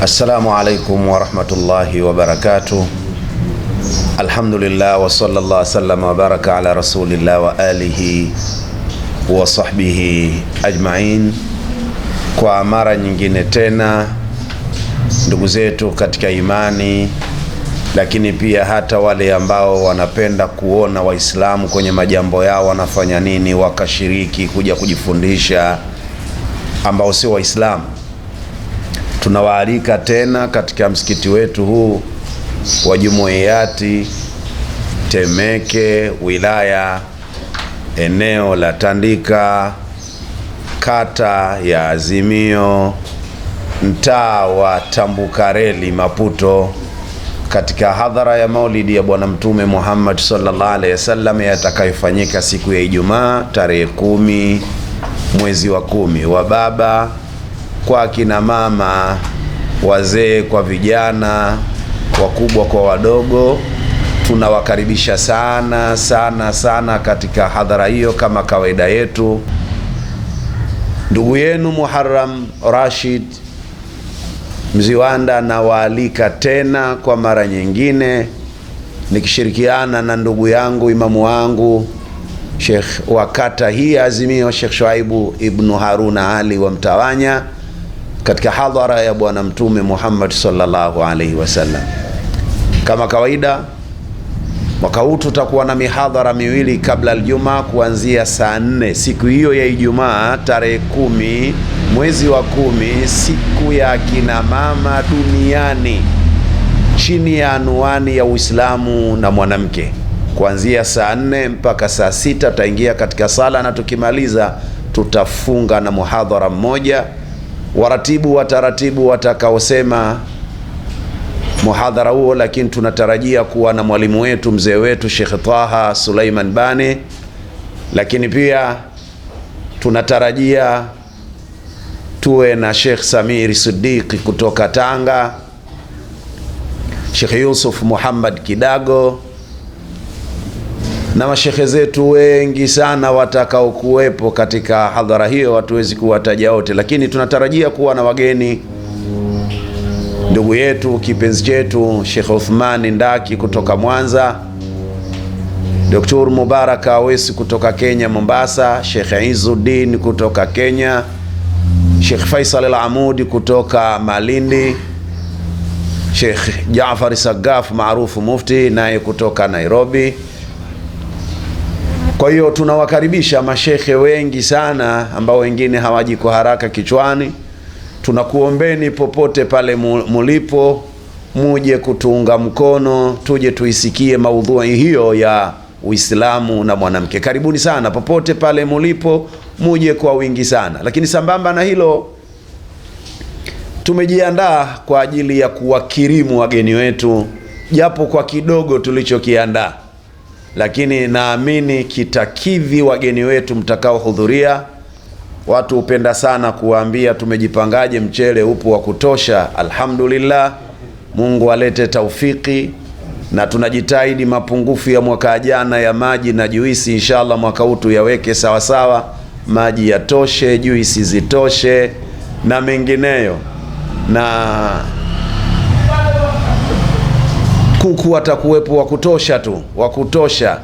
Assalamu alaikum warahmatullahi wabarakatuh. Alhamdulillah wa sallallahu wasallam baraka ala rasulillah wa alihi wa sahbihi ajmain. Kwa mara nyingine tena, ndugu zetu katika imani, lakini pia hata wale ambao wanapenda kuona Waislamu kwenye majambo yao wanafanya nini, wakashiriki kuja kujifundisha, ambao sio Waislamu tunawaalika tena katika msikiti wetu huu wa Jumuiyati Temeke, wilaya eneo la Tandika, kata ya Azimio, mtaa wa Tambukareli, Maputo, katika hadhara ya maulidi ya Bwana Mtume Muhammad sallallahu alaihi wasallam yatakayofanyika siku ya Ijumaa tarehe kumi mwezi wa kumi wa baba kwa akina mama, wazee kwa vijana, wakubwa kwa wadogo. Tunawakaribisha sana sana sana katika hadhara hiyo, kama kawaida yetu. Ndugu yenu Muharram Rashid Mziwanda nawaalika tena kwa mara nyingine, nikishirikiana na ndugu yangu imamu wangu Sheikh wa kata hii Azimio, Sheikh Shuaibu Ibnu Haruna Ali wa Mtawanya katika hadhara ya Bwana Mtume Muhammad sallallahu alaihi wasallam. Kama kawaida, mwaka huu tutakuwa na mihadhara miwili kabla aljuma, kuanzia saa nne siku hiyo ya Ijumaa tarehe kumi mwezi wa kumi, siku ya kina mama duniani chini ya anuani ya Uislamu na mwanamke, kuanzia saa nne mpaka saa sita tutaingia katika sala na tukimaliza tutafunga na muhadhara mmoja waratibu wa taratibu watakaosema muhadhara huo, lakini tunatarajia kuwa na mwalimu wetu mzee wetu Sheikh Taha Suleiman Bane, lakini pia tunatarajia tuwe na Sheikh Samiri sidiki kutoka Tanga, Sheikh Yusuf Muhammad Kidago na mashekhe zetu wengi sana watakaokuwepo katika hadhara hiyo, hatuwezi kuwataja wote, lakini tunatarajia kuwa na wageni. Ndugu yetu kipenzi chetu Sheikh Uthmani Ndaki kutoka Mwanza, Dr. Mubaraka Awesi kutoka Kenya Mombasa, Sheikh Izuddin kutoka Kenya, Shekh Faisal Al Amudi kutoka Malindi, Shekh Jaafar Sagaf maarufu Mufti naye kutoka Nairobi. Kwa hiyo tunawakaribisha mashehe wengi sana ambao wengine hawaji kwa haraka kichwani. Tunakuombeni popote pale mulipo, muje kutuunga mkono, tuje tuisikie maudhui hiyo ya Uislamu na mwanamke. Karibuni sana popote pale mulipo, muje kwa wingi sana. Lakini sambamba na hilo, tumejiandaa kwa ajili ya kuwakirimu wageni wetu, japo kwa kidogo tulichokiandaa lakini naamini kitakidhi wageni wetu mtakaohudhuria. Watu hupenda sana kuwaambia tumejipangaje, mchele upo wa kutosha. Alhamdulillah, Mungu alete taufiki, na tunajitahidi mapungufu ya mwaka jana ya maji na juisi, inshallah mwaka huu tuyaweke sawasawa, maji yatoshe, juisi zitoshe na mengineyo na kuku watakuwepo wa kutosha tu, wa kutosha,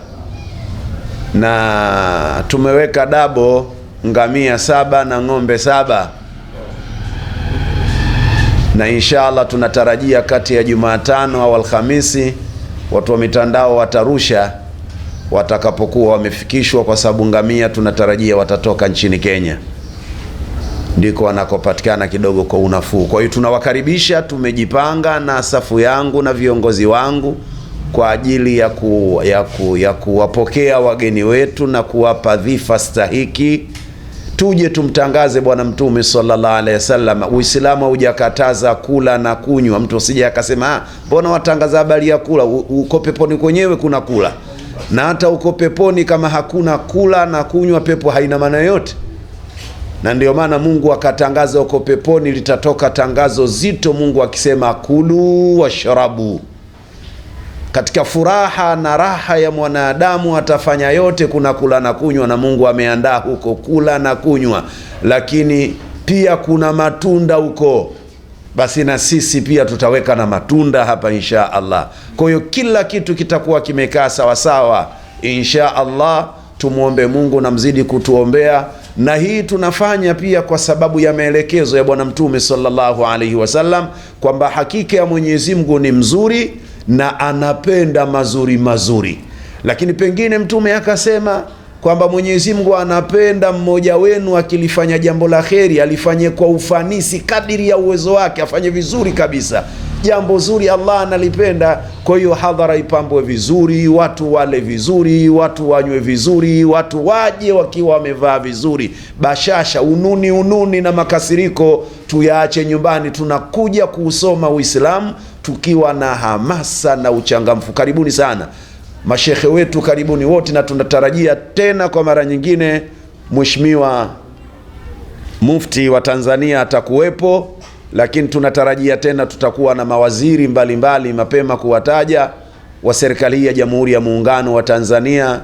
na tumeweka dabo ngamia saba na ng'ombe saba na inshallah tunatarajia kati ya Jumatano au Alhamisi watu wa mitandao watarusha watakapokuwa wamefikishwa, kwa sababu ngamia tunatarajia watatoka nchini Kenya ndiko wanakopatikana kidogo kwa unafuu. Kwa hiyo tunawakaribisha, tumejipanga na safu yangu na viongozi wangu kwa ajili ya, ku, ya, ku, ya kuwapokea wageni wetu na kuwapa dhifa stahiki. Tuje tumtangaze Bwana Mtume sallallahu alaihi wasallam. Uislamu haujakataza kula na kunywa. Mtu usije akasema ah, mbona watangaza habari ya kula? uko peponi kwenyewe kuna kula, na hata uko peponi kama hakuna kula na kunywa, pepo haina maana yote na ndio maana Mungu akatangaza huko peponi, litatoka tangazo zito, Mungu akisema kulu washrabu. Katika furaha na raha ya mwanadamu atafanya yote, kuna kula na kunywa, na Mungu ameandaa huko kula na kunywa, lakini pia kuna matunda huko. Basi na sisi pia tutaweka na matunda hapa, insha Allah. Kwa hiyo kila kitu kitakuwa kimekaa sawasawa, insha Allah. Tumwombe Mungu na mzidi kutuombea na hii tunafanya pia kwa sababu ya maelekezo ya Bwana Mtume sallallahu alaihi wasallam kwamba hakika ya Mwenyezi Mungu ni mzuri na anapenda mazuri mazuri, lakini pengine Mtume akasema kwamba Mwenyezi Mungu anapenda mmoja wenu akilifanya jambo la kheri alifanye kwa ufanisi kadiri ya uwezo wake, afanye vizuri kabisa jambo zuri Allah analipenda. Kwa hiyo hadhara ipambwe vizuri, watu wale vizuri, watu wanywe vizuri, watu waje wakiwa wamevaa vizuri. Bashasha, ununi, ununi na makasiriko tuyaache nyumbani. Tunakuja kuusoma Uislamu tukiwa na hamasa na uchangamfu. Karibuni sana mashekhe wetu, karibuni wote, na tunatarajia tena kwa mara nyingine Mheshimiwa Mufti wa Tanzania atakuwepo lakini tunatarajia tena tutakuwa na mawaziri mbalimbali mbali, mapema kuwataja wa serikali ya Jamhuri ya Muungano wa Tanzania,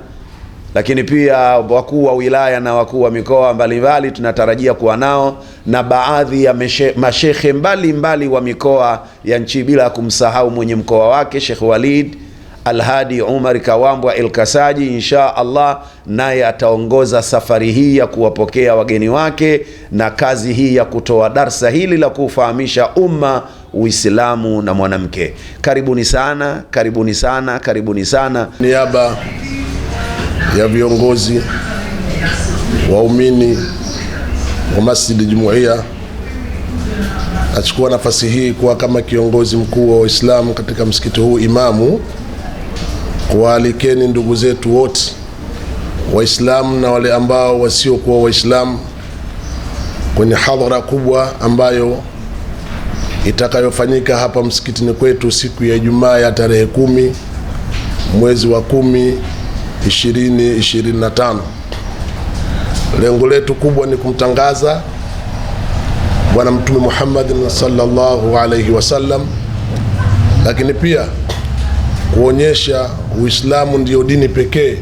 lakini pia wakuu wa wilaya na wakuu wa mikoa mbalimbali tunatarajia kuwa nao na baadhi ya mashehe mbalimbali wa mikoa ya nchi, bila kumsahau mwenye mkoa wake Sheikh Walid Alhadi Umar Kawambwa Ilkasaji, insha Allah, naye ataongoza safari hii ya kuwapokea wageni wake na kazi hii ya kutoa darsa hili la kufahamisha umma Uislamu na mwanamke. Karibuni sana, karibuni sana, karibuni sana. Niaba ya viongozi waumini wa Masjidi Jumuiya achukua nafasi hii kuwa kama kiongozi mkuu wa Waislamu katika msikiti huu imamu Kuwaalikeni ndugu zetu wote Waislamu na wale ambao wasiokuwa Waislamu kwenye hadhara kubwa ambayo itakayofanyika hapa msikitini kwetu siku ya Ijumaa ya tarehe kumi mwezi wa kumi 2025. Lengo letu kubwa ni kumtangaza Bwana Mtume Muhammadin sallallahu alaihi wasallam, lakini pia kuonyesha Uislamu ndiyo dini pekee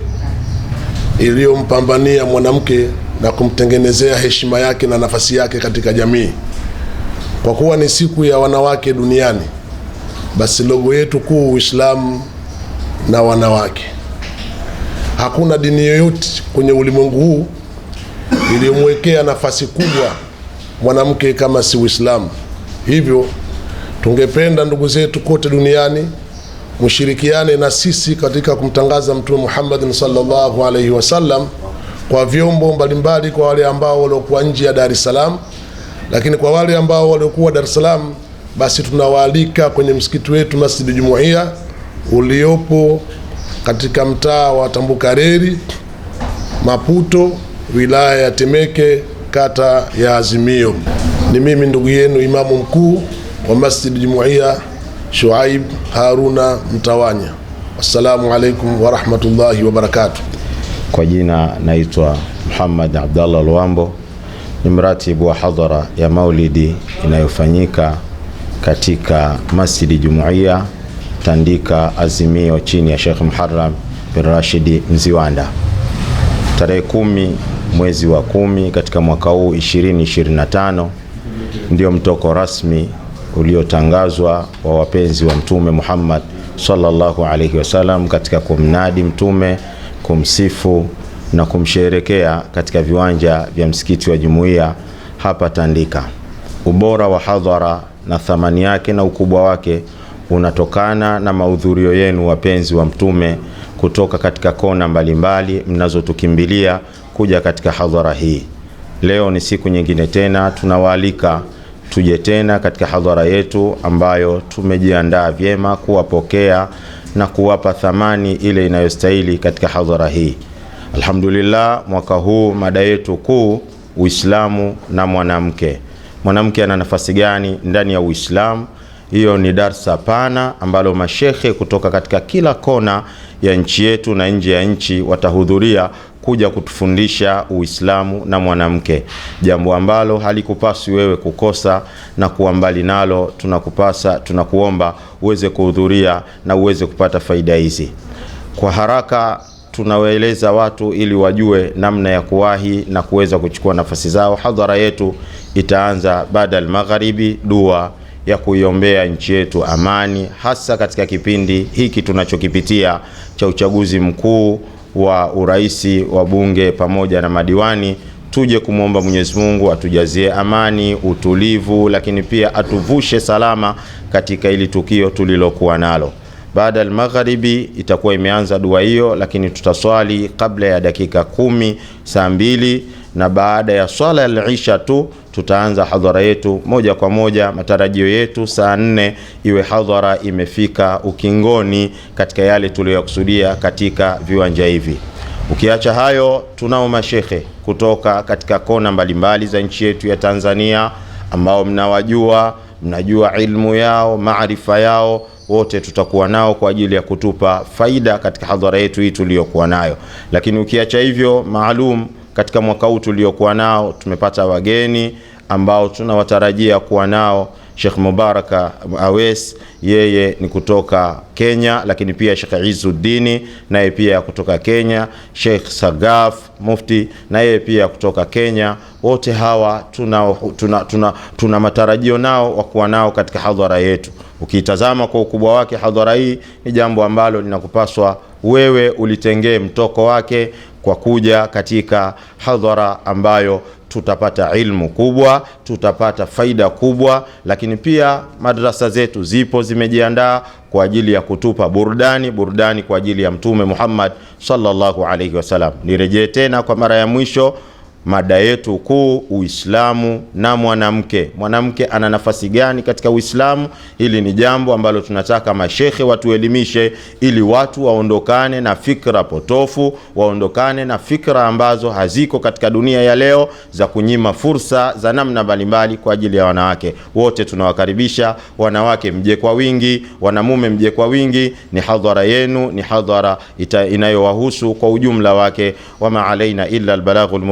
iliyompambania mwanamke na kumtengenezea heshima yake na nafasi yake katika jamii. Kwa kuwa ni siku ya wanawake duniani, basi logo yetu kuu Uislamu na wanawake. Hakuna dini yoyote kwenye ulimwengu huu iliyomwekea nafasi kubwa mwanamke kama si Uislamu. Hivyo tungependa ndugu zetu kote duniani mshirikiane na sisi katika kumtangaza Mtume Muhammad sallallahu alaihi wasallam kwa vyombo mbalimbali, kwa wale ambao waliokuwa nje ya Dar es Salaam, lakini kwa wale ambao waliokuwa Dar es Salaam, basi tunawaalika kwenye msikiti wetu Masjidi Jumuiya uliopo katika mtaa wa Tambukareri, Maputo, wilaya ya Temeke, kata ya Azimio. Ni mimi ndugu yenu imamu mkuu wa Masjidi Jumuiya Shuaib Haruna Mtawanya. Wassalamu alaikum warahmatullahi wabarakatuh. Kwa jina naitwa Muhammad Abdallah Luambo, ni mratibu wa hadhara ya maulidi inayofanyika katika Masjidi Jumuiya Tandika Azimio, chini ya Sheikh Muharram bin Rashidi Mziwanda, tarehe kumi mwezi wa kumi katika mwaka huu 2025 ndio mtoko rasmi uliotangazwa wa wapenzi wa Mtume Muhammad sallallahu alaihi wasallam katika kumnadi mtume, kumsifu na kumsherekea katika viwanja vya msikiti wa Jumuiya hapa Tandika. Ubora wa hadhara na thamani yake na ukubwa wake unatokana na mahudhurio yenu wapenzi wa mtume kutoka katika kona mbalimbali mnazotukimbilia kuja katika hadhara hii. Leo ni siku nyingine tena tunawaalika tuje tena katika hadhara yetu ambayo tumejiandaa vyema kuwapokea na kuwapa thamani ile inayostahili katika hadhara hii. Alhamdulillah, mwaka huu mada yetu kuu Uislamu na mwanamke. Mwanamke ana nafasi gani ndani ya Uislamu? Hiyo ni darsa pana ambalo mashekhe kutoka katika kila kona ya nchi yetu na nje ya nchi watahudhuria kuja kutufundisha Uislamu na mwanamke, jambo ambalo halikupaswi wewe kukosa na kuwa mbali nalo. Tunakupasa, tunakuomba uweze kuhudhuria na uweze kupata faida hizi kwa haraka. Tunawaeleza watu ili wajue namna ya kuwahi na kuweza kuchukua nafasi zao. Hadhara yetu itaanza baada ya magharibi, dua ya kuiombea nchi yetu amani, hasa katika kipindi hiki tunachokipitia cha uchaguzi mkuu wa uraisi wa bunge pamoja na madiwani, tuje kumwomba Mwenyezi Mungu atujazie amani, utulivu, lakini pia atuvushe salama katika hili tukio tulilokuwa nalo baada almagharibi itakuwa imeanza dua hiyo, lakini tutaswali kabla ya dakika kumi saa mbili, na baada ya swala ya isha tu tutaanza hadhara yetu moja kwa moja. Matarajio yetu saa nne iwe hadhara imefika ukingoni katika yale tuliyokusudia katika viwanja hivi. Ukiacha hayo, tunao mashekhe kutoka katika kona mbalimbali za nchi yetu ya Tanzania ambao mnawajua, mnajua ilmu yao, maarifa yao wote tutakuwa nao kwa ajili ya kutupa faida katika hadhara yetu hii tuliyokuwa nayo. Lakini ukiacha hivyo maalum, katika mwaka huu tuliokuwa nao tumepata wageni ambao tunawatarajia kuwa nao Sheikh Mubaraka Awes, yeye ni kutoka Kenya, lakini pia Sheikh Izzuddin naye pia kutoka Kenya, Sheikh Sagaf Mufti na yeye pia kutoka Kenya. Wote hawa tuna, tuna, tuna, tuna matarajio nao wa kuwa nao katika hadhara yetu. Ukiitazama kwa ukubwa wake hadhara hii ni jambo ambalo linakupaswa wewe ulitengee mtoko wake kwa kuja katika hadhara ambayo tutapata ilmu kubwa, tutapata faida kubwa. Lakini pia madrasa zetu zipo zimejiandaa kwa ajili ya kutupa burudani, burudani kwa ajili ya Mtume Muhammad sallallahu alaihi wasallam. Nirejee tena kwa mara ya mwisho mada yetu kuu, Uislamu na mwanamke. Mwanamke ana nafasi gani katika Uislamu? Hili ni jambo ambalo tunataka mashekhe watuelimishe, ili watu waondokane na fikra potofu, waondokane na fikra ambazo haziko katika dunia ya leo za kunyima fursa za namna mbalimbali kwa ajili ya wanawake wote. Tunawakaribisha wanawake, mje kwa wingi, wanamume mje kwa wingi. Ni hadhara yenu, ni hadhara inayowahusu kwa ujumla wake. Wama alaina illa albalaghul mubin.